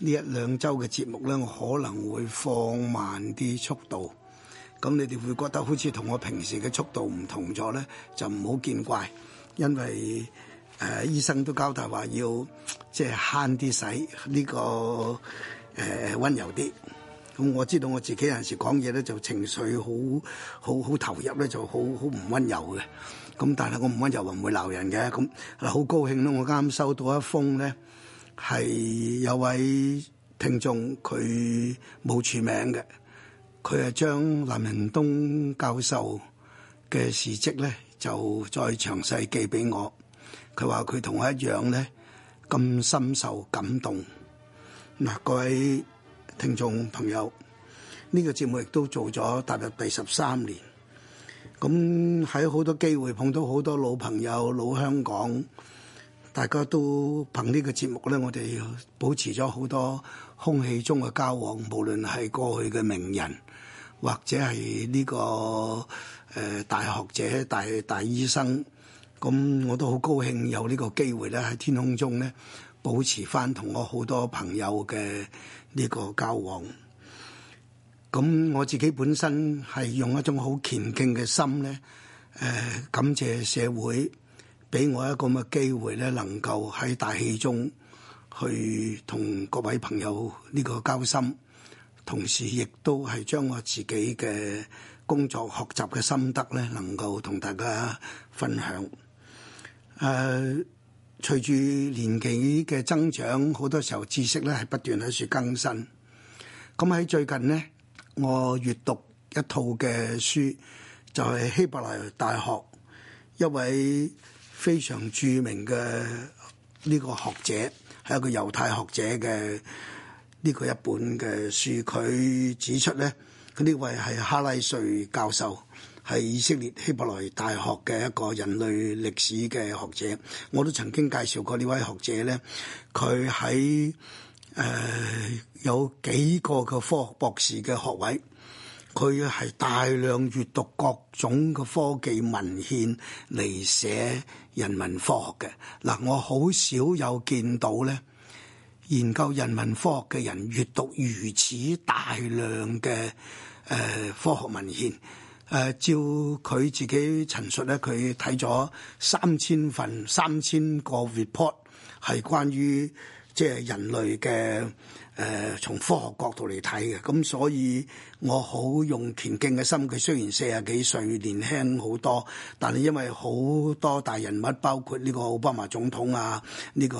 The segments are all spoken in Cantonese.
呢一兩週嘅節目咧，我可能會放慢啲速度，咁你哋會覺得好似同我平時嘅速度唔同咗咧，就唔好見怪，因為誒、呃、醫生都交代話要即係慳啲使呢個誒、呃、温柔啲。咁我知道我自己有陣時講嘢咧，就情緒好好好投入咧，就好好唔温柔嘅。咁但係我唔温柔話唔會鬧人嘅。咁好高興咯！我啱收到一封咧。係有位聽眾佢冇署名嘅，佢係將南仁東教授嘅事蹟咧就再詳細寄俾我。佢話佢同我一樣咧咁深受感動。嗱，各位聽眾朋友，呢個節目亦都做咗踏入第十三年，咁喺好多機會碰到好多老朋友、老香港。大家都憑呢個節目咧，我哋保持咗好多空氣中嘅交往，無論係過去嘅名人，或者係呢、這個、呃、大學者、大大醫生，咁我都好高興有呢個機會咧，喺天空中咧保持返同我好多朋友嘅呢個交往。咁我自己本身係用一種好虔敬嘅心咧、呃，感謝社會。俾我一個咁嘅機會咧，能夠喺大氣中去同各位朋友呢個交心，同時亦都係將我自己嘅工作學習嘅心得咧，能夠同大家分享、呃。誒，隨住年紀嘅增長，好多時候知識咧係不斷喺處更新。咁喺最近咧，我閱讀一套嘅書，就係、是、希伯來大學一位非常著名嘅呢個學者係一個猶太學者嘅呢個一本嘅書，佢指出咧，呢位係哈拉瑞教授，係以色列希伯來大學嘅一個人類歷史嘅學者。我都曾經介紹過呢位學者咧，佢喺誒有幾個嘅科學博士嘅學位，佢係大量閱讀各種嘅科技文獻嚟寫人文科學嘅嗱，我好少有見到咧，研究人文科學嘅人閱讀如此大量嘅誒、呃、科學文獻誒、呃、照佢自己陳述咧，佢睇咗三千份三千個 report 係關於即係人類嘅誒從科學角度嚟睇嘅咁，所以。我好用拳徑嘅心，佢雖然四十幾歲年輕好多，但係因為好多大人物，包括呢個奧巴馬總統啊，呢個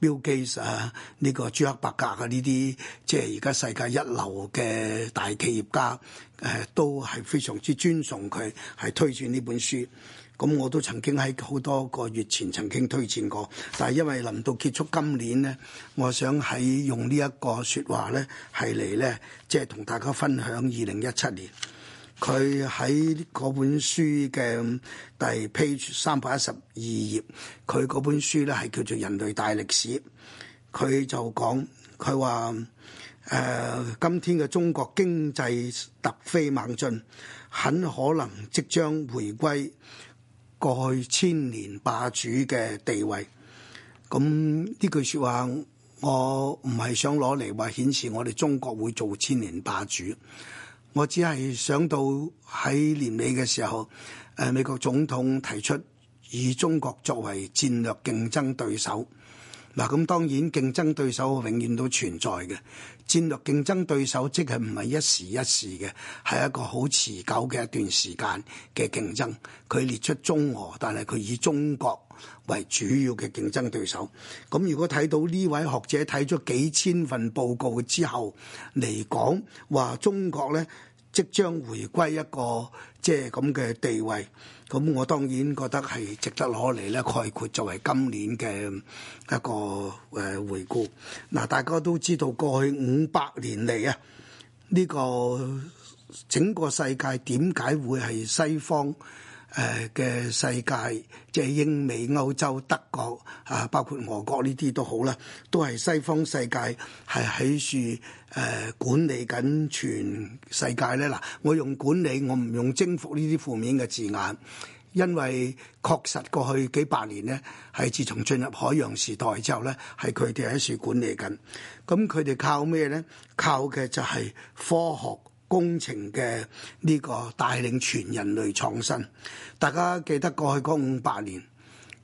Bill Gates 啊，呢個朱克伯格啊呢啲，即係而家世界一流嘅大企業家，誒，都係非常之尊崇佢，係推薦呢本書，咁我都曾經喺好多個月前曾經推薦過，但係因為臨到結束今年咧，我想喺用呢一個說話咧係嚟咧，即係同大家分享。響二零一七年，佢喺嗰本書嘅第 page 三百一十二頁，佢嗰本書咧係叫做《人類大歷史》，佢就講，佢話，誒今天嘅中國經濟突飛猛進，很可能即將回歸過去千年霸主嘅地位。咁呢句說話。我唔係想攞嚟，話顯示我哋中國會做千年霸主，我只係想到喺年尾嘅時候，誒美國總統提出以中國作為戰略競爭對手。嗱，咁當然競爭對手永遠都存在嘅，戰略競爭對手即係唔係一時一時嘅，係一個好持久嘅一段時間嘅競爭，佢列出中俄，但係佢以中國為主要嘅競爭對手。咁如果睇到呢位學者睇咗幾千份報告之後嚟講話，中國咧。即將回歸一個即係咁嘅地位，咁我當然覺得係值得攞嚟咧概括作為今年嘅一個回顧。嗱，大家都知道過去五百年嚟啊，呢個整個世界點解會係西方？誒嘅世界，即係英美、歐洲、德國啊，包括俄國呢啲都好啦，都係西方世界係喺處誒管理緊全世界咧。嗱，我用管理，我唔用征服呢啲負面嘅字眼，因為確實過去幾百年咧，係自從進入海洋時代之後咧，係佢哋喺處管理緊。咁佢哋靠咩咧？靠嘅就係科學。工程嘅呢個帶領全人類創新，大家記得過去嗰五百年，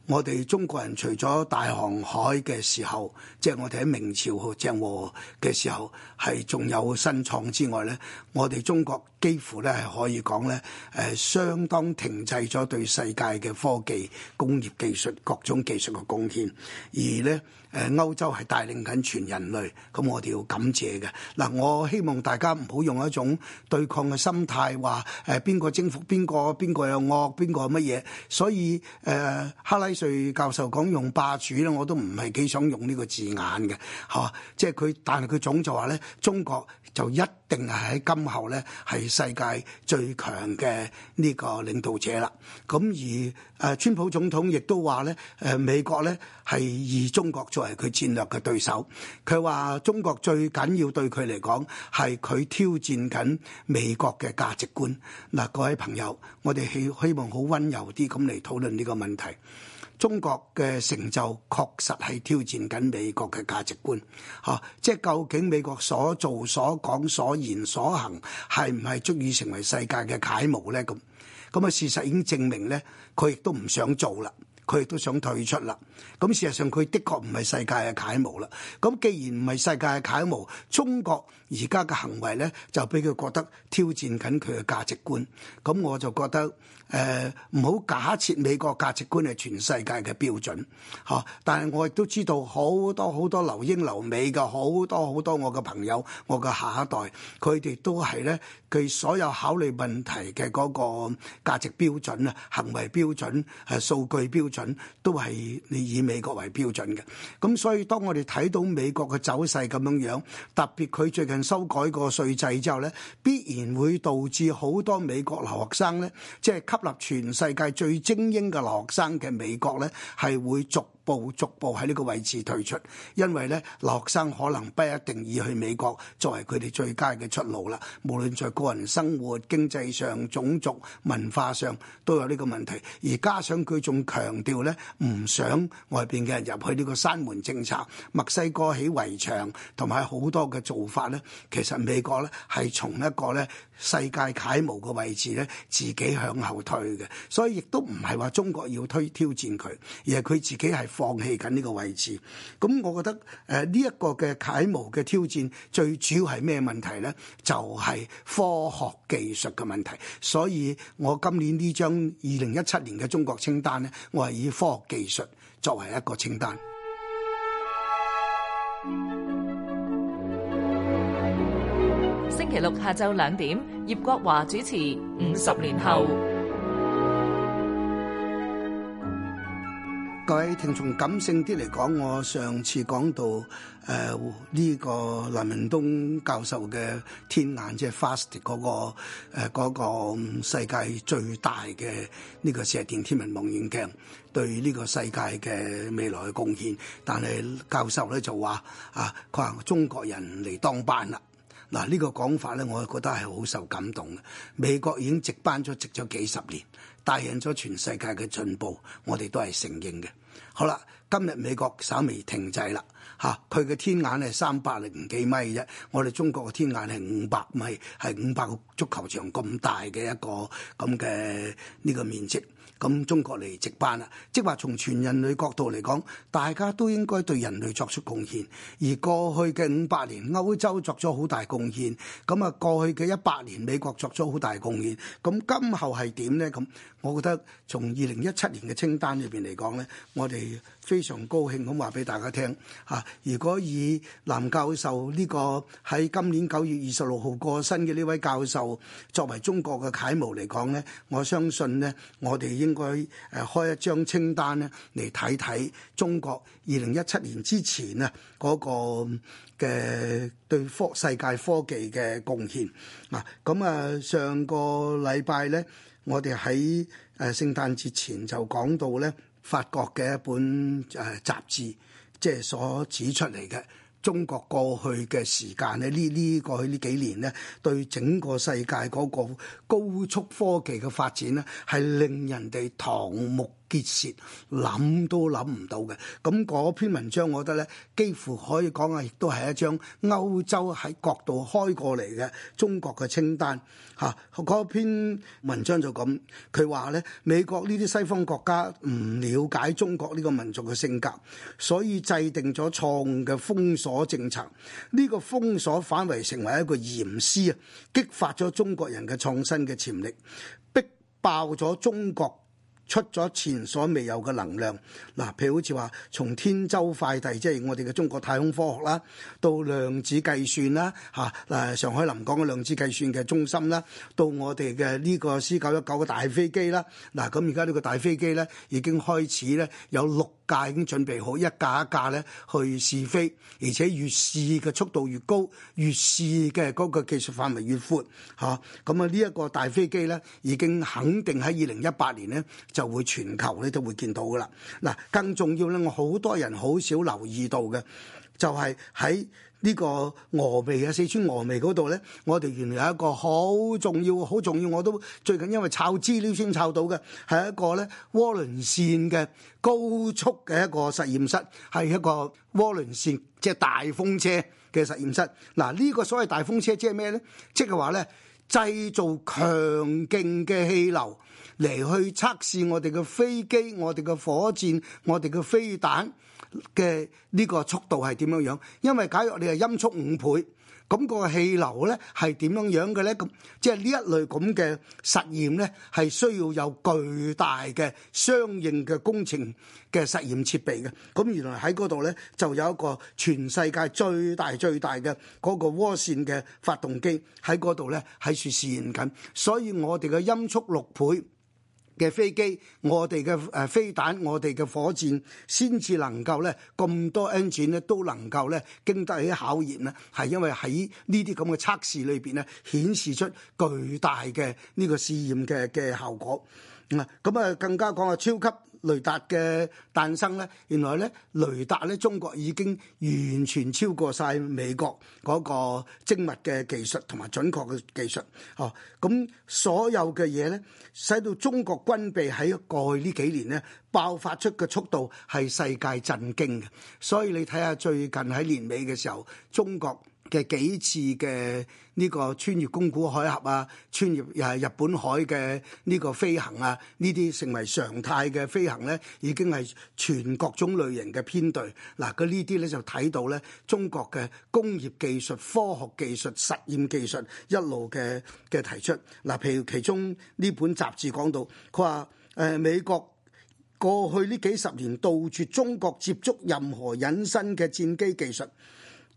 我哋中國人除咗大航海嘅時候，即係我哋喺明朝鄭和嘅時候，係仲有新創之外咧，我哋中國。幾乎咧係可以講咧，誒相當停滯咗對世界嘅科技、工業技術、各種技術嘅貢獻，而咧誒歐洲係帶領緊全人類，咁我哋要感謝嘅。嗱，我希望大家唔好用一種對抗嘅心態，話誒邊個征服邊個，邊個又惡邊個乜嘢。所以誒，哈拉瑞教授講用霸主咧，我都唔係幾想用呢個字眼嘅，嚇。即係佢，但係佢總就話咧，中國就一定係喺今後咧係。世界最強嘅呢個領導者啦，咁而誒川普總統亦都話咧，誒美國咧係以中國作為佢戰略嘅對手，佢話中國最緊要對佢嚟講，係佢挑戰緊美國嘅價值觀。嗱，各位朋友，我哋希希望好溫柔啲咁嚟討論呢個問題。中國嘅成就確實係挑戰緊美國嘅價值觀，嚇、啊！即係究竟美國所做、所講、所言、所行，係唔係足以成為世界嘅楷模呢？咁咁啊，事實已經證明呢，佢亦都唔想做啦，佢亦都想退出啦。咁事實上，佢的確唔係世界嘅楷模啦。咁既然唔係世界嘅楷模，中國而家嘅行為呢，就俾佢覺得挑戰緊佢嘅價值觀。咁我就覺得。誒唔好假設美國價值觀係全世界嘅標準，嚇、啊！但係我亦都知道好多好多留英留美嘅好多好多我嘅朋友，我嘅下一代，佢哋都係咧，佢所有考慮問題嘅嗰個價值標準啊、行為標準、係、啊、數據標準，都係你以美國為標準嘅。咁所以當我哋睇到美國嘅走勢咁樣樣，特別佢最近修改個稅制之後咧，必然會導致好多美國留學生咧，即係。吸納全世界最精英嘅留學生嘅美國咧，係會逐步逐步喺呢個位置退出，因為咧，留學生可能不一定以去美國作為佢哋最佳嘅出路啦。無論在個人生活、經濟上、種族文化上都有呢個問題，而加上佢仲強調咧，唔想外邊嘅人入去呢個閂門政策，墨西哥起圍牆同埋好多嘅做法咧，其實美國咧係從一個咧世界楷模嘅位置咧，自己向後退嘅，所以亦都唔係話中國要推挑戰佢，而係佢自己係。放棄緊呢個位置，咁我覺得誒呢一個嘅楷模嘅挑戰，最主要係咩問題呢？就係、是、科學技術嘅問題。所以我今年呢張二零一七年嘅中國清單呢，我係以科學技術作為一個清單。星期六下晝兩點，葉國華主持《五十年後》年後。各位聽眾感性啲嚟講，我上次講到誒呢、呃這個南仁東教授嘅天眼即係 FAST 嗰、那個誒嗰、呃那個、世界最大嘅呢個射電天文望遠鏡對呢個世界嘅未來嘅貢獻，但係教授咧就話啊，佢話中國人嚟當班啦。嗱、這個、呢個講法咧，我覺得係好受感動嘅。美國已經值班咗值咗幾十年，帶領咗全世界嘅進步，我哋都係承認嘅。好啦，今日美國稍微停滯啦嚇，佢嘅天眼係三百零幾米啫，我哋中國嘅天眼係五百米，係五百個足球場咁大嘅一個咁嘅呢個面積。咁中國嚟值班啊，即係話從全人類角度嚟講，大家都應該對人類作出貢獻。而過去嘅五百年，歐洲作咗好大貢獻，咁啊，過去嘅一百年，美國作咗好大貢獻，咁今後係點咧？咁我覺得從二零一七年嘅清單入邊嚟講咧，我哋非常高興咁話俾大家聽嚇。如果以藍教授呢個喺今年九月二十六號過身嘅呢位教授作為中國嘅楷模嚟講咧，我相信咧，我哋。應該誒開一張清單咧，嚟睇睇中國二零一七年之前咧嗰個嘅對科世界科技嘅貢獻啊。咁啊上個禮拜咧，我哋喺誒聖誕節前就講到咧法國嘅一本誒雜誌，即係所指出嚟嘅，中國過去嘅時間咧，呢呢過去呢幾年咧，對整個世界嗰個高速科技嘅發展咧，係令人哋瞠目。結舌，諗都諗唔到嘅。咁嗰篇文章，我覺得咧，幾乎可以講啊，亦都係一張歐洲喺角度開過嚟嘅中國嘅清單。嗰篇文章就咁，佢話咧，美國呢啲西方國家唔了解中國呢個民族嘅性格，所以制定咗錯誤嘅封鎖政策。呢個封鎖反為成為一個嚴師啊，激發咗中國人嘅創新嘅潛力，逼爆咗中國，出咗前所未有嘅能量，嗱，譬如好似話，從天舟快遞，即係我哋嘅中國太空科學啦，到量子計算啦，吓，誒上海臨港嘅量子計算嘅中心啦，到我哋嘅呢個 C 九一九嘅大飛機啦，嗱，咁而家呢個大飛機咧已經開始咧有六架已經準備好，一架一架咧去試飛，而且越試嘅速度越高，越試嘅嗰個技術範圍越闊，吓，咁啊呢一個大飛機咧已經肯定喺二零一八年咧。就會全球咧都會見到噶啦。嗱，更重要咧，我好多人好少留意到嘅，就係喺呢個峨眉啊、四川峨眉嗰度咧，我哋原來有一個好重要、好重要，我都最近因為摷資料先摷到嘅，係一個咧渦輪扇嘅高速嘅一個實驗室，係一個渦輪扇即係、就是、大風車嘅實驗室。嗱，呢個所謂大風車即係咩咧？即係話咧製造強勁嘅氣流。嚟去測試我哋嘅飛機、我哋嘅火箭、我哋嘅飛彈嘅呢個速度係點樣樣？因為假如你係音速五倍，咁個氣流呢係點樣樣嘅呢？咁即係呢一類咁嘅實驗呢，係需要有巨大嘅相應嘅工程嘅實驗設備嘅。咁原來喺嗰度呢，就有一個全世界最大最大嘅嗰個渦扇嘅發動機喺嗰度呢，喺處試驗緊，所以我哋嘅音速六倍，嘅飛機，我哋嘅誒飛彈，我哋嘅火箭，先至能夠咧咁多 engine 咧，都能夠咧經得起考驗咧，係因為喺呢啲咁嘅測試裏邊咧，顯示出巨大嘅呢個試驗嘅嘅效果啊！咁啊，更加講啊超級。雷達嘅誕生咧，原來咧雷達咧，中國已經完全超過晒美國嗰個精密嘅技術同埋準確嘅技術。哦，咁所有嘅嘢咧，使到中國軍備喺過去呢幾年咧爆發出嘅速度係世界震驚嘅。所以你睇下最近喺年尾嘅時候，中國嘅幾次嘅呢個穿越宮古海峽啊，穿越日本海嘅呢個飛行啊，呢啲成為常態嘅飛行呢，已經係全各種類型嘅編隊。嗱，佢呢啲呢就睇到呢中國嘅工業技術、科學技術、實驗技術一路嘅嘅提出。嗱，譬如其中呢本雜誌講到，佢話美國過去呢幾十年杜絕中國接觸任何隱身嘅戰機技術。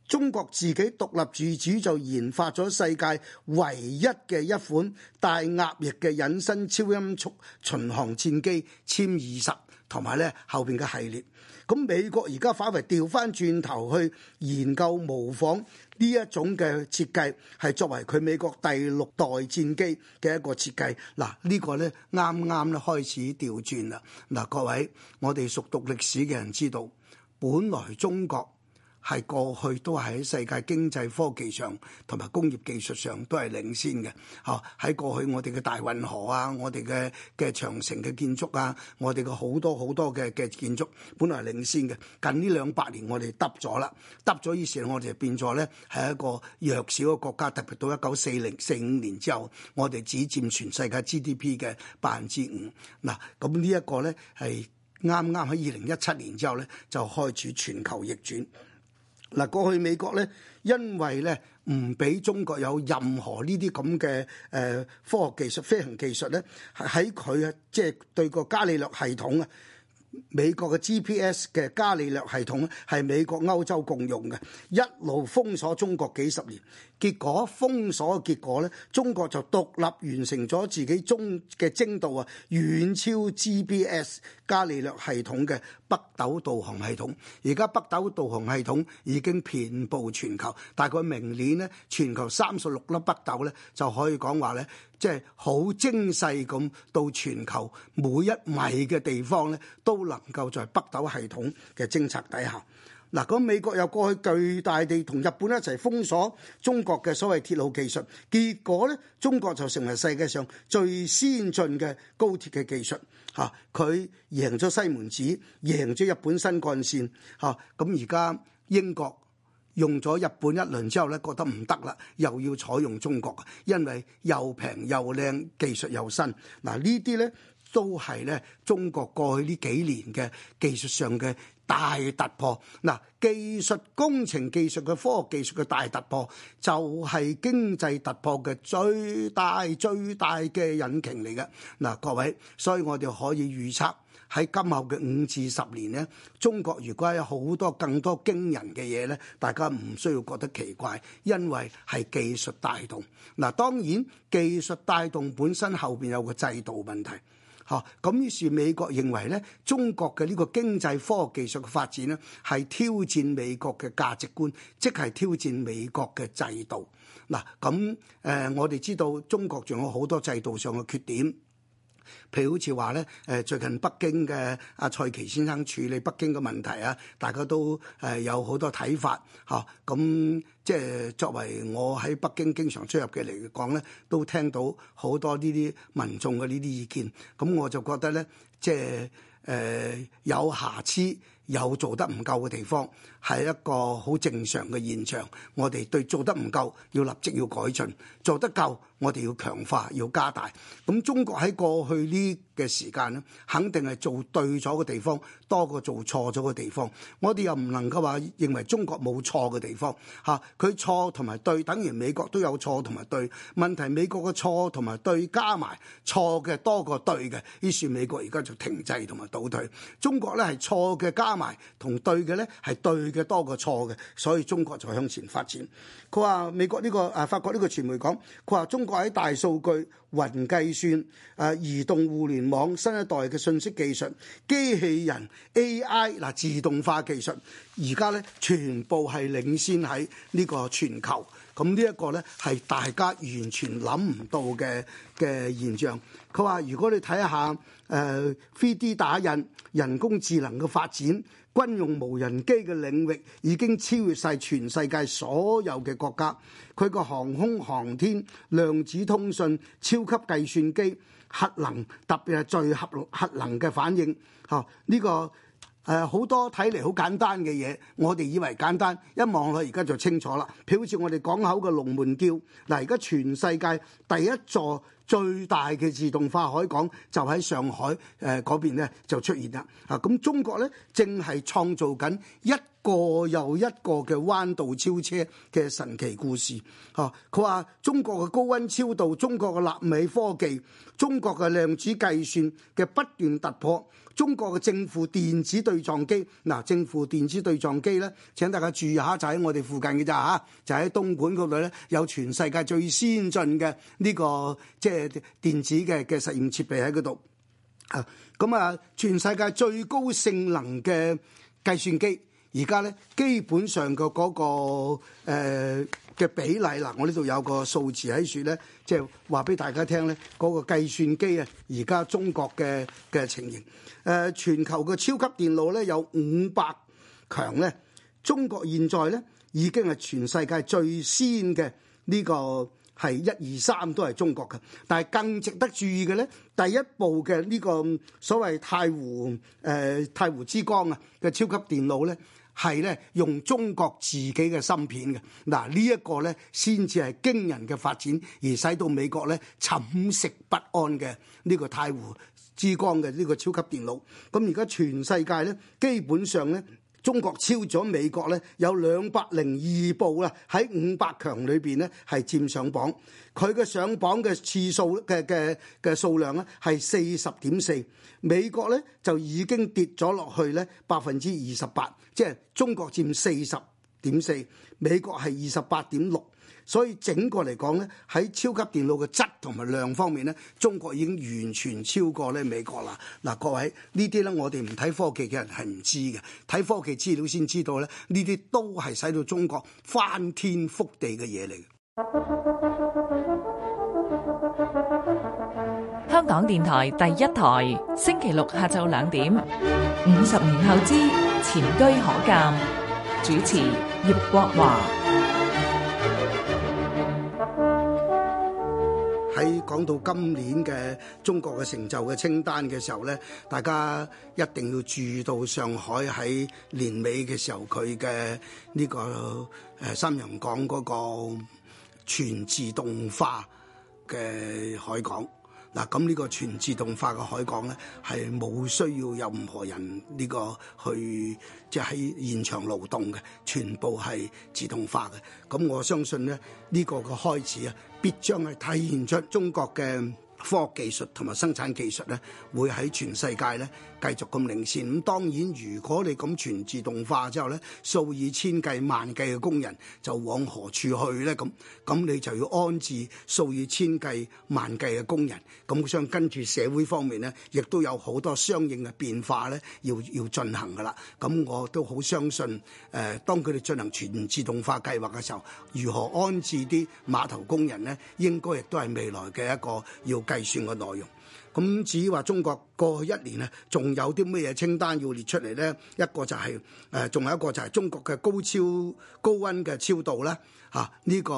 中國自己獨立自主就研發咗世界唯一嘅一款大鴨翼嘅隱身超音速巡航戰機，殲二十同埋咧後邊嘅系列。咁美國現在反而家反為調翻轉頭去研究模仿呢一種嘅設計，係作為佢美國第六代戰機嘅一個設計。嗱，呢、呢個呢啱啱咧開始調轉啦。嗱，各位，我哋熟讀歷史嘅人知道，本來中國。係過去都係喺世界經濟科技上同埋工業技術上都係領先嘅，嚇喺過去我哋嘅大運河啊，我哋嘅嘅長城嘅建築啊，我哋嘅好多好多嘅嘅建築本來係領先嘅。近呢兩百年我哋得咗啦，得咗於是我哋就變咗咧係一個弱小嘅國家，特別到一九四零四五年之後，我哋只佔全世界 GDP 嘅百分之五。嗱，咁呢一個咧係啱啱喺二零一七年之後咧就開始全球逆轉。嗱，過去美國咧，因為咧唔俾中國有任何呢啲咁嘅誒科學技術、飛行技術咧，喺佢啊，即係對個伽利略系統啊。美國嘅 GPS 嘅伽利略系統咧，係美國歐洲共用嘅，一路封鎖中國幾十年，結果封鎖結果咧，中國就獨立完成咗自己中嘅精度啊，遠超 GPS 伽利略系統嘅北斗導航系統。而家北斗導航系統已經遍佈全球，大概明年呢，全球三十六粒北斗咧就可以講話咧。即係好精細咁到全球每一米嘅地方咧，都能夠在北斗系統嘅偵察底下。嗱，咁美國又過去巨大地同日本一齊封鎖中國嘅所謂鐵路技術，結果咧，中國就成為世界上最先進嘅高鐵嘅技術。嚇，佢贏咗西門子，贏咗日本新幹線。嚇，咁而家英國。用咗日本一輪之後咧，覺得唔得啦，又要採用中國，因為又平又靚，技術又新。嗱，呢啲咧都係咧中國過去呢幾年嘅技術上嘅大突破。嗱，技術、工程技術嘅、科學技術嘅大突破，就係經濟突破嘅最大最大嘅引擎嚟嘅。嗱，各位，所以我哋可以預測。喺今後嘅五至十年咧，中國如果有好多更多驚人嘅嘢咧，大家唔需要覺得奇怪，因為係技術帶動。嗱，當然技術帶動本身後面有個制度問題，嚇。咁於是美國認為咧，中國嘅呢個經濟科學技術嘅發展咧，係挑戰美國嘅價值觀，即係挑戰美國嘅制度。嗱，咁誒，我哋知道中國仲有好多制度上嘅缺點。譬如好似話咧，誒最近北京嘅阿蔡奇先生處理北京嘅問題啊，大家都誒有好多睇法，嚇，咁即係作為我喺北京經常出入嘅嚟講咧，都聽到好多呢啲民眾嘅呢啲意見，咁我就覺得咧，即係誒有瑕疵，有做得唔夠嘅地方。係一個好正常嘅現象，我哋對做得唔夠，要立即要改進；做得夠，我哋要強化、要加大。咁中國喺過去呢嘅時間呢，肯定係做對咗嘅地方多過做錯咗嘅地方。我哋又唔能夠話認為中國冇錯嘅地方嚇，佢錯同埋對，等於美國都有錯同埋對。問題是美國嘅錯同埋對加埋錯嘅多過對嘅，於是美國而家就停滯同埋倒退。中國呢係錯嘅加埋同對嘅呢係對嘅多過錯嘅，所以中國就向前發展。佢話美國呢、這個誒、啊、法國呢個傳媒講，佢話中國喺大數據雲計算、誒、啊、移動互聯網新一代嘅信息技術機器人、AI 嗱、啊、自動化技術，而家咧全部係領先喺呢個全球。咁呢一個咧係大家完全諗唔到嘅嘅現象。佢話如果你睇一下誒 3D 打印、人工智能嘅發展。軍用無人機嘅領域已經超越晒全世界所有嘅國家。佢個航空航天、量子通信、超級計算機、核能，特別係最核核能嘅反應，嚇呢、這個誒好、呃、多睇嚟好簡單嘅嘢，我哋以為簡單，一望佢而家就清楚啦。譬如好似我哋港口嘅龍門吊嗱，而家全世界第一座。最大嘅自動化海港就喺上海誒邊咧就出現啦啊！咁中國咧正係創造緊一個又一個嘅彎道超車嘅神奇故事吓，佢話中國嘅高温超導、中國嘅納米科技、中國嘅量子計算嘅不斷突破、中國嘅正負電子對撞機嗱，正負電子對撞機咧，請大家注意下，就喺我哋附近嘅咋吓，就喺東莞度咧有全世界最先進嘅呢個即係嘅電子嘅嘅實驗設備喺嗰度啊，咁啊，全世界最高性能嘅計算機，而家咧基本上嘅嗰個嘅、呃、比例嗱，我呢度有個數字喺處咧，即係話俾大家聽咧，嗰個計算機啊，而家中國嘅嘅情形誒，全球嘅超級電腦咧有五百強咧，中國現在咧已經係全世界最先嘅呢、呢個。係一二三都係中國嘅，但係更值得注意嘅呢，第一部嘅呢個所謂太湖誒太、呃、太湖之光啊嘅超級電腦呢，係用中國自己嘅芯片嘅，嗱呢一個呢，先至係驚人嘅發展，而使到美國呢，寢食不安嘅呢個太湖之光嘅呢個超級電腦，咁而家全世界呢，基本上呢。中國超咗美國咧，有兩百零二部啊喺五百強裏邊咧係佔上榜，佢嘅上榜嘅次數嘅嘅嘅數量咧係四十點四，美國咧就已經跌咗落去咧百分之二十八，即係中國佔四十點四，美國係二十八點六。所以整個嚟講咧，喺超級電腦嘅質同埋量方面咧，中國已經完全超過咧美國啦。嗱，各位呢啲咧，我哋唔睇科技嘅人係唔知嘅，睇科技資料先知道咧，呢啲都係使到中國翻天覆地嘅嘢嚟嘅。香港電台第一台，星期六下晝兩點，五十年後之前車可鑑，主持葉國華。喺講到今年嘅中國嘅成就嘅清單嘅時候咧，大家一定要注意到上海喺年尾嘅時候佢嘅呢個誒洋山港嗰個全自動化嘅海港。嗱，咁呢個全自動化嘅海港呢，係冇需要任何人呢個去，即係喺現場勞動嘅，全部係自動化嘅。咁我相信呢，呢個嘅開始啊，必將係體現出中國嘅科學技術同埋生產技術呢，會喺全世界呢，繼續咁領先，咁，當然如果你咁全自動化之後咧，數以千計萬計嘅工人就往何處去咧？咁咁你就要安置數以千計萬計嘅工人。咁我想跟住社會方面咧，亦都有好多相應嘅變化咧，要要進行噶啦。咁我都好相信，誒，當佢哋進行全自動化計劃嘅時候，如何安置啲碼頭工人咧，應該亦都係未來嘅一個要計算嘅內容。咁至於話中國過去一年仲有啲乜嘢清單要列出嚟咧？一個就係、是、呃、仲有一個就係中國嘅高超高溫嘅超導咧。嚇、啊、呢、這個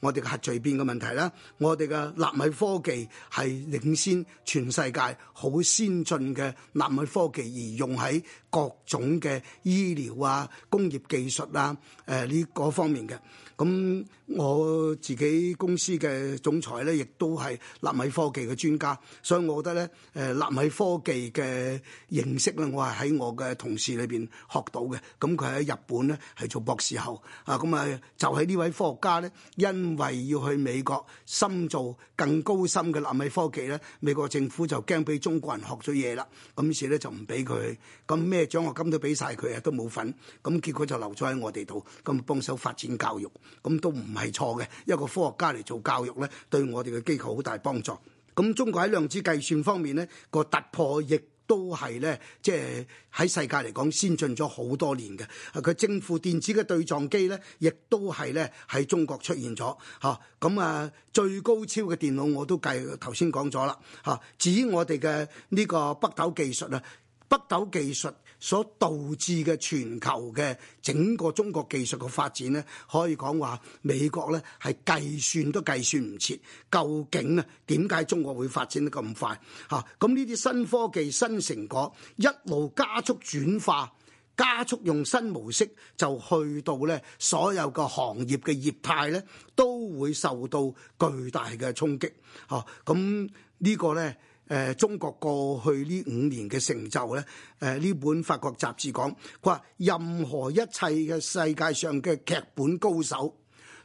我哋嘅核聚變嘅問題啦，我哋嘅納米科技係領先全世界，好先進嘅納米科技而用喺各種嘅醫療啊、工業技術啊、誒、呃、呢、這個、方面嘅。咁我自己公司嘅總裁咧，亦都係納米科技嘅專家，所以我覺得咧，誒納米科技嘅認識咧，我係喺我嘅同事裏邊學到嘅。咁佢喺日本咧係做博士後啊咁啊就喺呢。呢位科學家咧，因為要去美國深造更高深嘅納米科技咧，美國政府就驚俾中國人學咗嘢啦，咁於是咧就唔俾佢，咁咩獎學金都俾晒佢啊，都冇份，咁結果就留咗喺我哋度，咁幫手發展教育，咁都唔係錯嘅，一個科學家嚟做教育咧，對我哋嘅機構好大幫助。咁中國喺量子計算方面咧，個突破亦～都係咧，即係喺世界嚟講先進咗好多年嘅。佢正負電子嘅對撞機咧，亦都係咧喺中國出現咗。吓，咁啊最高超嘅電腦我都計頭先講咗啦。吓，至於我哋嘅呢個北斗技術啊，北斗技術。所導致嘅全球嘅整個中國技術嘅發展咧，可以講話美國咧係計算都計算唔切，究竟啊點解中國會發展得咁快？嚇！咁呢啲新科技新成果一路加速轉化，加速用新模式，就去到咧所有個行業嘅業態咧都會受到巨大嘅衝擊。嚇！咁呢個咧。誒，中國過去呢五年嘅成就咧，誒，呢本法國雜誌講，佢話任何一切嘅世界上嘅劇本高手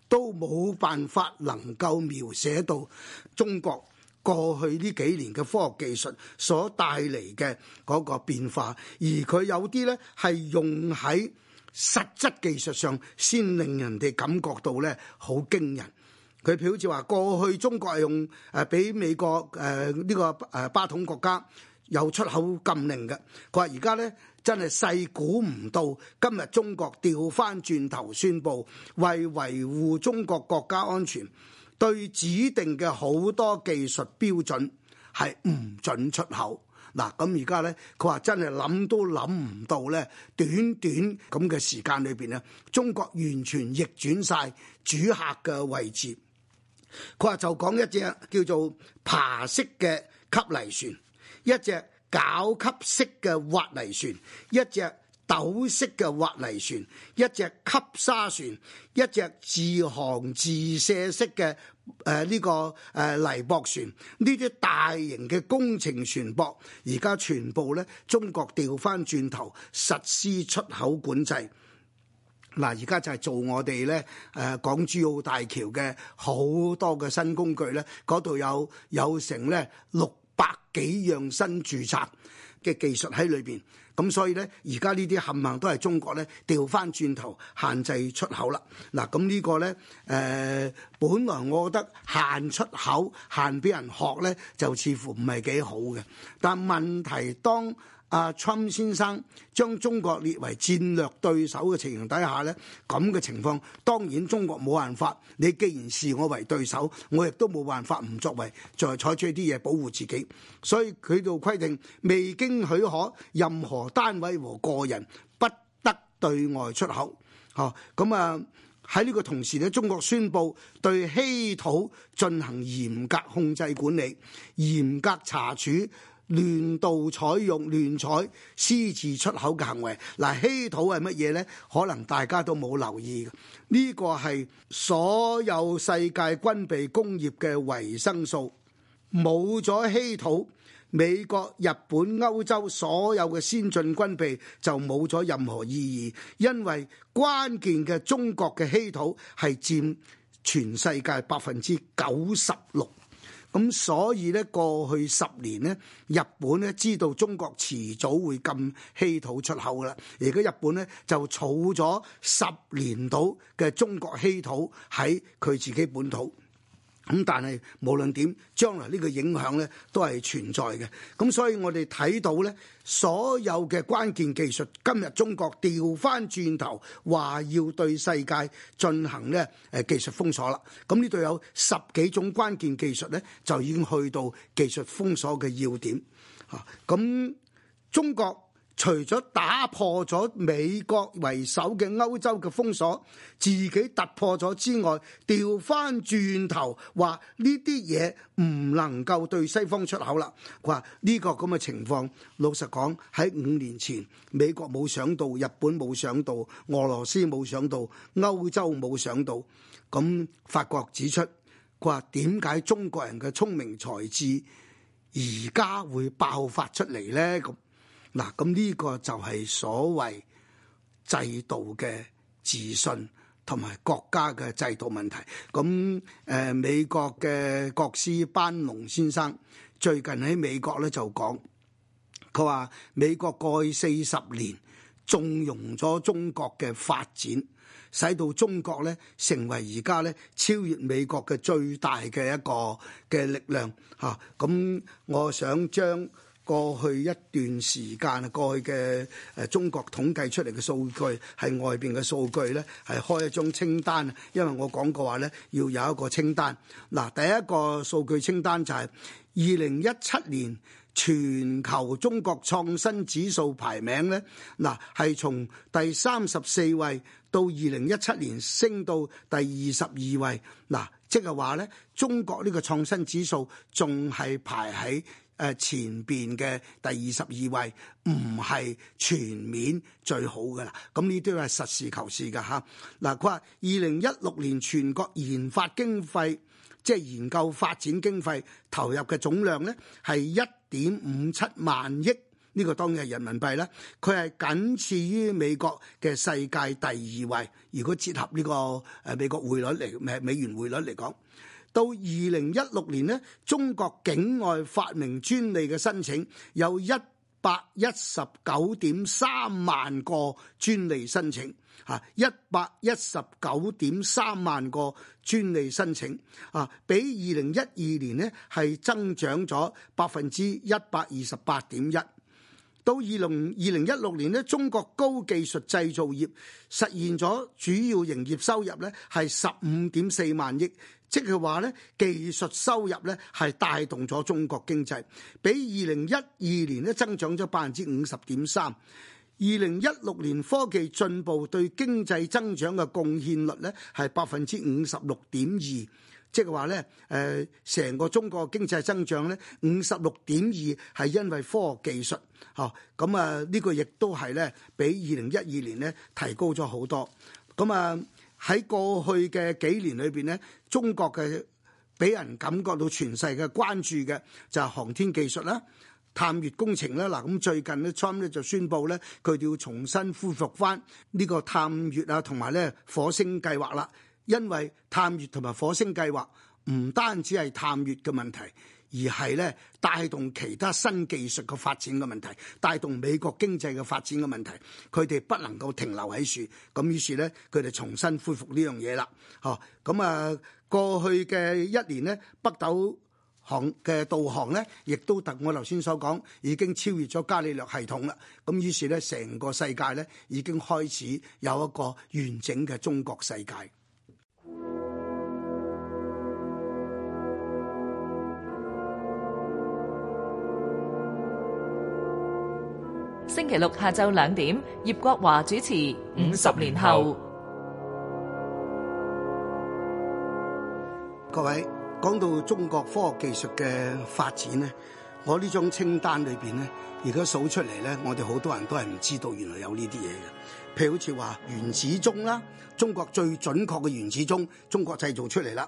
都冇辦法能夠描寫到中國過去呢幾年嘅科學技術所帶嚟嘅嗰個變化，而佢有啲咧係用喺實質技術上先令人哋感覺到咧好驚人。佢表示話過去中國係用誒俾美國誒呢、呃呢個誒巴統國家有出口禁令嘅。佢話而家咧真係細估唔到今日中國調翻轉頭宣佈，為維護中國國家安全，對指定嘅好多技術標準係唔准出口。嗱，咁而家咧佢話真係諗都諗唔到咧，短短咁嘅時間裏邊咧，中國完全逆轉晒主客嘅位置。佢話就講一隻叫做爬式嘅吸泥船，一隻絞吸式嘅挖泥船，一隻斗式嘅挖泥船，一隻吸沙船，一隻自航自卸式嘅誒呢個誒泥駁船，呢啲大型嘅工程船舶，而家全部呢，中國掉返轉頭實施出口管制。嗱，而家就係做我哋咧，誒、呃、港珠澳大橋嘅好多嘅新工具咧，嗰度有有成咧六百幾樣新註冊嘅技術喺裏面。咁所以咧，而家呢啲冚唪唥都係中國咧調翻轉頭限制出口啦。嗱，咁呢個咧誒，本來我覺得限出口、限俾人學咧，就似乎唔係幾好嘅，但問題當，阿 Trump 先生將中國列為戰略對手嘅情形底下呢，咁嘅情況當然中國冇辦法。你既然視我為對手，我亦都冇辦法唔作為，再採取一啲嘢保護自己。所以佢度規定，未經許可，任何單位和個人不得對外出口。嚇，咁啊喺呢個同時咧，中國宣布對稀土進行嚴格控制管理，嚴格查處。亂度採用、亂採、私自出口嘅行為，嗱，稀土係乜嘢呢？可能大家都冇留意嘅。呢個係所有世界軍備工業嘅維生素，冇咗稀土，美國、日本、歐洲所有嘅先進軍備就冇咗任何意義，因為關鍵嘅中國嘅稀土係佔全世界百分之九十六。咁所以咧，過去十年咧，日本咧知道中國遲早會禁稀土出口㗎啦，而家日本咧就儲咗十年到嘅中國稀土喺佢自己本土。咁但係無論點，將來呢個影響呢都係存在嘅。咁所以我哋睇到呢所有嘅關鍵技術，今日中國調翻轉頭話要對世界進行呢誒技術封鎖啦。咁呢度有十幾種關鍵技術呢，就已經去到技術封鎖嘅要點。嚇，咁中國。除咗打破咗美國為首嘅歐洲嘅封鎖，自己突破咗之外，調翻轉頭話呢啲嘢唔能夠對西方出口啦。佢話呢個咁嘅情況，老實講，喺五年前，美國冇想到，日本冇想到，俄羅斯冇想到，歐洲冇想到。咁法國指出，佢話點解中國人嘅聰明才智而家會爆發出嚟咧？咁嗱，咁呢個就係所謂制度嘅自信同埋國家嘅制度問題。咁誒，美國嘅國師班農先生最近喺美國咧就講，佢話美國過去四十年縱容咗中國嘅發展，使到中國咧成為而家咧超越美國嘅最大嘅一個嘅力量嚇。咁我想將。過去一段時間啊，過去嘅誒中國統計出嚟嘅數據係外邊嘅數據呢，係開一張清單。因為我講過的話呢，要有一個清單。嗱，第一個數據清單就係二零一七年全球中國創新指數排名呢，嗱係從第三十四位到二零一七年升到第二十二位。嗱、就是，即係話呢中國呢個創新指數仲係排喺。誒前邊嘅第二十二位唔係全面最好㗎啦，咁呢啲都係實事求是㗎。嚇。嗱，佢話二零一六年全國研發經費，即係研究發展經費投入嘅總量咧，係一點五七萬億，呢個當然係人民幣呢，佢係僅次於美國嘅世界第二位。如果結合呢個美國匯率嚟，美元匯率嚟講。到二零一六年呢，中國境外發明專利嘅申請有一百一十九點三萬個專利申請，吓一百一十九點三萬個專利申請，吓比二零一二年呢係增長咗百分之一百二十八點一。到二零二零一六年呢，中國高技術製造業實現咗主要營業收入呢係十五點四萬億。即係話咧，技術收入咧係帶動咗中國經濟，比二零一二年咧增長咗百分之五十點三。二零一六年科技進步對經濟增長嘅貢獻率咧係百分之五十六點二，即係話咧，誒，成個中國經濟增長咧五十六點二係因為科學技術，嗬、哦，咁啊呢個亦都係咧比二零一二年咧提高咗好多，咁啊。喺過去嘅幾年裏邊咧，中國嘅俾人感覺到全世界嘅關注嘅就係航天技術啦、探月工程啦。嗱，咁最近咧，Trump 咧就宣布咧，佢哋要重新恢復返呢個探月啊，同埋咧火星計劃啦。因為探月同埋火星計劃唔單止係探月嘅問題。而係咧帶動其他新技術嘅發展嘅問題，帶動美國經濟嘅發展嘅問題，佢哋不能夠停留喺樹，咁於是咧佢哋重新恢復呢樣嘢啦。嚇，咁啊過去嘅一年呢，北斗航嘅導航咧，亦都特我頭先所講已經超越咗伽利略系統啦。咁於是咧，成個世界咧已經開始有一個完整嘅中國世界。星期六下晝兩點，葉國華主持《五十年後》年後。各位，講到中國科學技術嘅發展咧，我呢張清單裏邊咧，而家數出嚟咧，我哋好多人都係唔知道原來有呢啲嘢嘅。譬如好似話原子鐘啦，中國最準確嘅原子鐘，中國製造出嚟啦。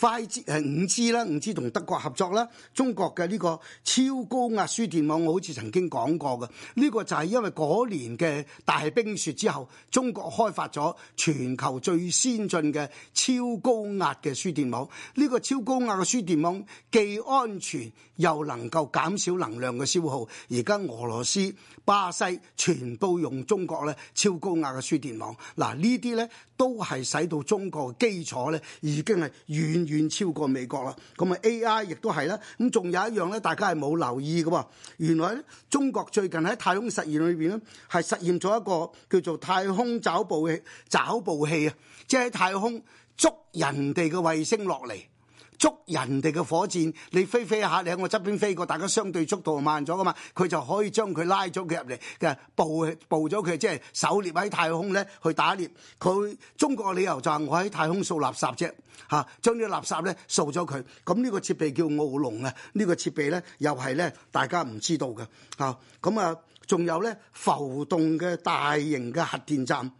快誒五 G 啦，五 G 同德國合作啦。中國嘅呢個超高壓輸電網，我好似曾經講過嘅，呢個就係因為嗰年嘅大冰雪之後，中國開發咗全球最先進嘅超高壓嘅輸電網。呢個超高壓嘅輸電網既安全又能夠減少能量嘅消耗。而家俄羅斯、巴西全部用中國咧。超高壓嘅輸電網嗱，呢啲咧，都係使到中國嘅基礎咧，已經係遠遠超過美國啦。咁啊 AI 亦都係啦，咁仲有一樣咧，大家係冇留意嘅喎。原來咧，中國最近喺太空實驗裏邊咧，係實驗咗一個叫做太空找步器，找步器啊，即係喺太空捉人哋嘅衛星落嚟。捉人哋嘅火箭，你飛飛下，你喺我側邊飛過，大家相對速度慢咗噶嘛，佢就可以將佢拉咗佢入嚟嘅捕捕咗佢，即係狩獵喺太空咧去打獵。佢中國嘅理由就係我喺太空掃垃圾啫，嚇、啊，將啲垃圾咧掃咗佢。咁、啊、呢、嗯呢個設備叫奧龍啊，呢、呢個設備咧又係咧大家唔知道嘅嚇。咁啊，仲、嗯、有咧浮動嘅大型嘅核電站。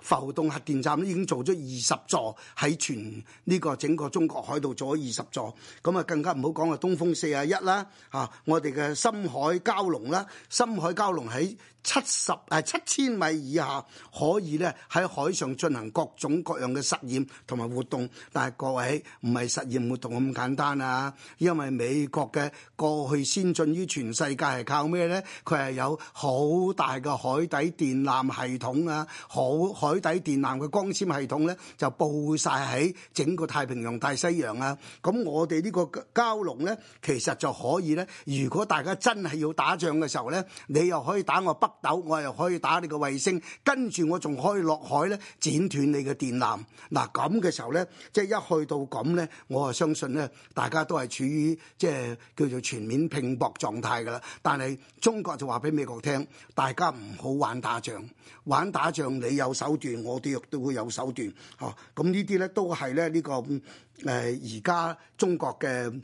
浮動核電站已經做咗二十座，喺全呢個整個中國海度做咗二十座，咁啊更加唔好講啊東風四一啦，嚇我哋嘅深海蛟龍啦，深海蛟龍喺七十誒、哎、七千米以下可以咧喺海上進行各種各樣嘅實驗同埋活動，但係各位唔係實驗活動咁簡單啊！因為美國嘅過去先進於全世界係靠咩咧？佢係有好大嘅海底電纜系統啊，好海底電纜嘅光纖系統咧就布晒喺整個太平洋大西洋啊！咁我哋呢個蛟龍咧其實就可以咧，如果大家真係要打仗嘅時候咧，你又可以打我北。吓，我又可以打你個衛星，跟住我仲可以落海咧，剪斷你嘅電纜。嗱，咁嘅時候呢，即係一去到咁呢，我係相信呢，大家都係處於即係叫做全面拼搏狀態噶啦。但係中國就話俾美國聽，大家唔好玩打仗，玩打仗你有手段，我哋亦都會有手段。哦，這個，咁呢啲呢，都係咧呢個誒而家中國嘅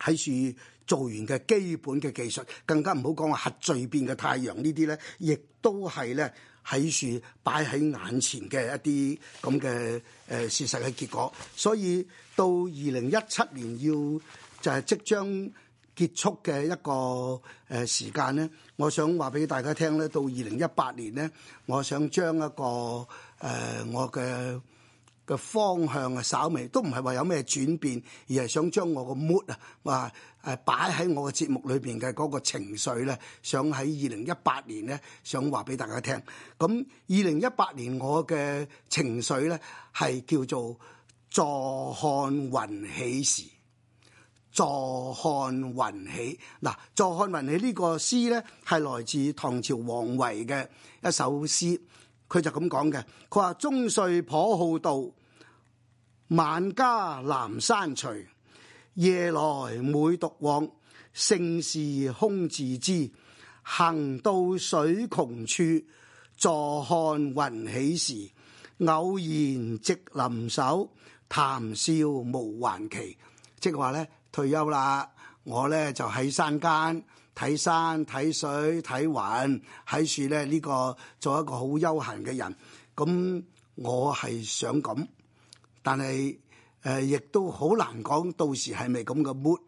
喺處。做完嘅基本嘅技術，更加唔好講話核聚變嘅太陽呢啲呢，亦都係呢喺樹擺喺眼前嘅一啲咁嘅誒事實嘅結果。所以到二零一七年要就係即將結束嘅一個誒時間呢。我想話俾大家聽呢，到二零一八年呢，我想將一個誒、呃、我嘅。嘅方向啊，稍微都唔係話有咩轉變，而係想將我個 mood 啊，話、啊、誒、啊、擺喺我嘅節目裏邊嘅嗰個情緒咧，想喺二零一八年咧，想話俾大家聽，咁二零一八年我嘅情緒咧，係叫做坐看雲起時，坐看雲起。嗱，坐看雲起這個呢個詩咧，係來自唐朝王維嘅一首詩。佢就咁講嘅，佢話中歲頗好道，晚家南山陲，夜來每獨往，盛事空自知。行到水窮處，坐看雲起時。偶然值林叟，談笑無還期。即係話咧，退休啦，我咧就喺山間。睇山、睇水、睇雲喺樹咧，呢個做一個好悠閒嘅人，咁我係想咁，但係亦都好難講到時係咪咁嘅 mood。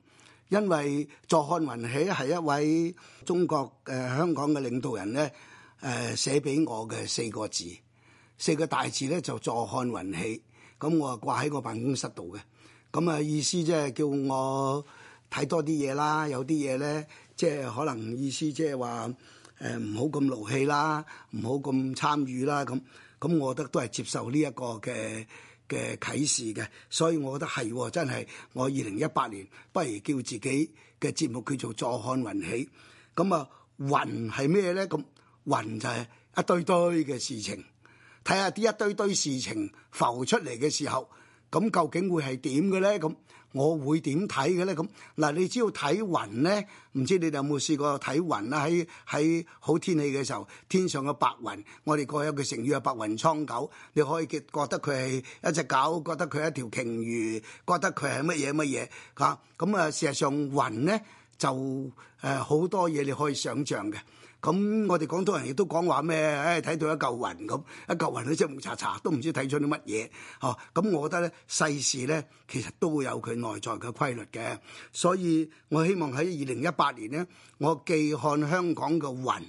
因為坐看雲起係一位中國、呃、香港嘅領導人咧、呃、寫俾我嘅四個字，四個大字咧就坐看雲起，咁我掛喺個辦公室度嘅，咁啊意思即係叫我睇多啲嘢啦，有啲嘢咧。即係可能意思即係話誒唔好咁勞氣啦，唔好咁參與啦咁。咁我覺得都係接受呢一個嘅嘅啟示嘅，所以我覺得係真係我二零一八年不如叫自己嘅節目叫做坐看雲起。咁啊雲係咩咧？咁雲就係一堆堆嘅事情，睇下啲一堆堆事情浮出嚟嘅時候，咁究竟會係點嘅咧？咁我會點睇嘅咧？咁嗱，你只要睇雲咧，唔知你哋有冇試過睇雲啦？喺喺好天氣嘅時候，天上嘅白雲，我哋過去有句成語係白雲蒼狗，你可以覺得佢係一隻狗，覺得佢係一條鯨魚，覺得佢係乜嘢乜嘢嚇？咁啊，事實上雲咧就誒好多嘢你可以想像嘅。咁我哋廣東人亦都講話咩？誒、哎、睇到一嚿雲咁，一嚿雲咧即係懵查查，都唔知睇出啲乜嘢。哦，咁我覺得咧，世事咧其實都會有佢內在嘅規律嘅。所以我希望喺二零一八年咧，我既看香港嘅雲，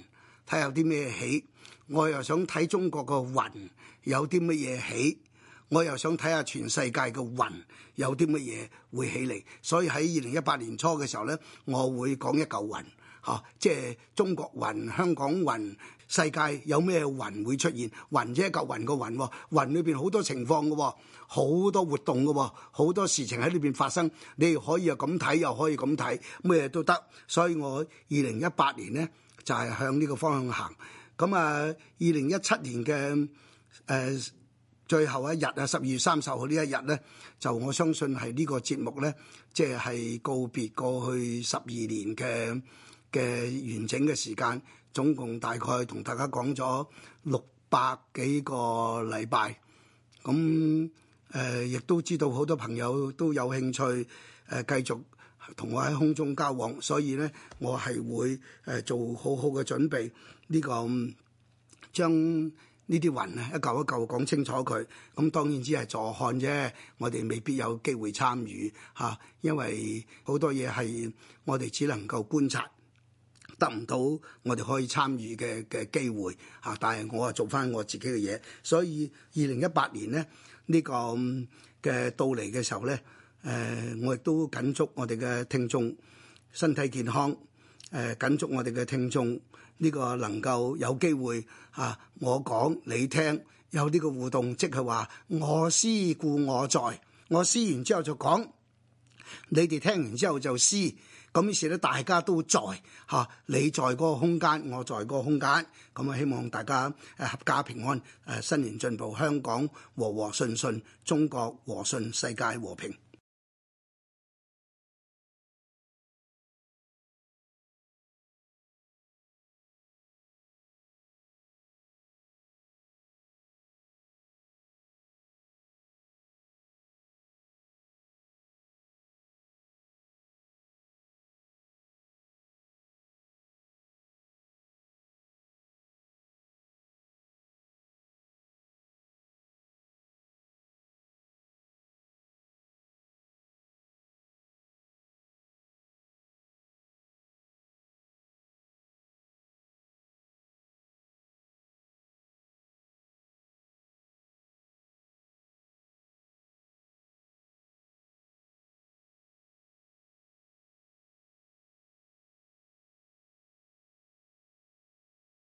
睇有啲咩起，我又想睇中國嘅雲有啲乜嘢起，我又想睇下全世界嘅雲有啲乜嘢會起嚟。所以喺二零一八年初嘅時候咧，我會講一嚿雲。哦、啊，即係中國雲、香港雲、世界有咩雲會出現？雲即係一嚿雲個雲、哦，雲裏邊好多情況嘅、哦，好多活動嘅、哦，好多事情喺裏邊發生。你可以又咁睇，又可以咁睇，咩都得。所以我二零一八年咧就係、是、向呢個方向行。咁啊，二零一七年嘅誒最後一日啊，十二月三十號呢一日咧，就我相信係呢個節目咧，即、就、係、是、告別過去十二年嘅。嘅完整嘅時間總共大概同大家講咗六百幾個禮拜。咁誒亦都知道好多朋友都有興趣，誒繼續同我喺空中交往。所以咧，我係會誒做好好嘅準備，呢個將呢啲雲啊一舊一舊講清楚佢。咁當然只係助看啫，我哋未必有機會參與吓，因為好多嘢係我哋只能夠觀察。得唔到我哋可以參與嘅嘅機會嚇，但係我啊做翻我自己嘅嘢，所以二零一八年咧呢個嘅到嚟嘅時候咧，誒、呃、我亦都緊祝我哋嘅聽眾身體健康，誒、呃、緊祝我哋嘅聽眾呢個能夠有機會嚇、啊、我講你聽有呢個互動，即係話我思故我在，我思完之後就講，你哋聽完之後就思。咁於是咧，大家都在吓，你在嗰個空間，我在嗰個空間。咁啊，希望大家誒合家平安，誒新年進步，香港和和順順，中國和順，世界和平。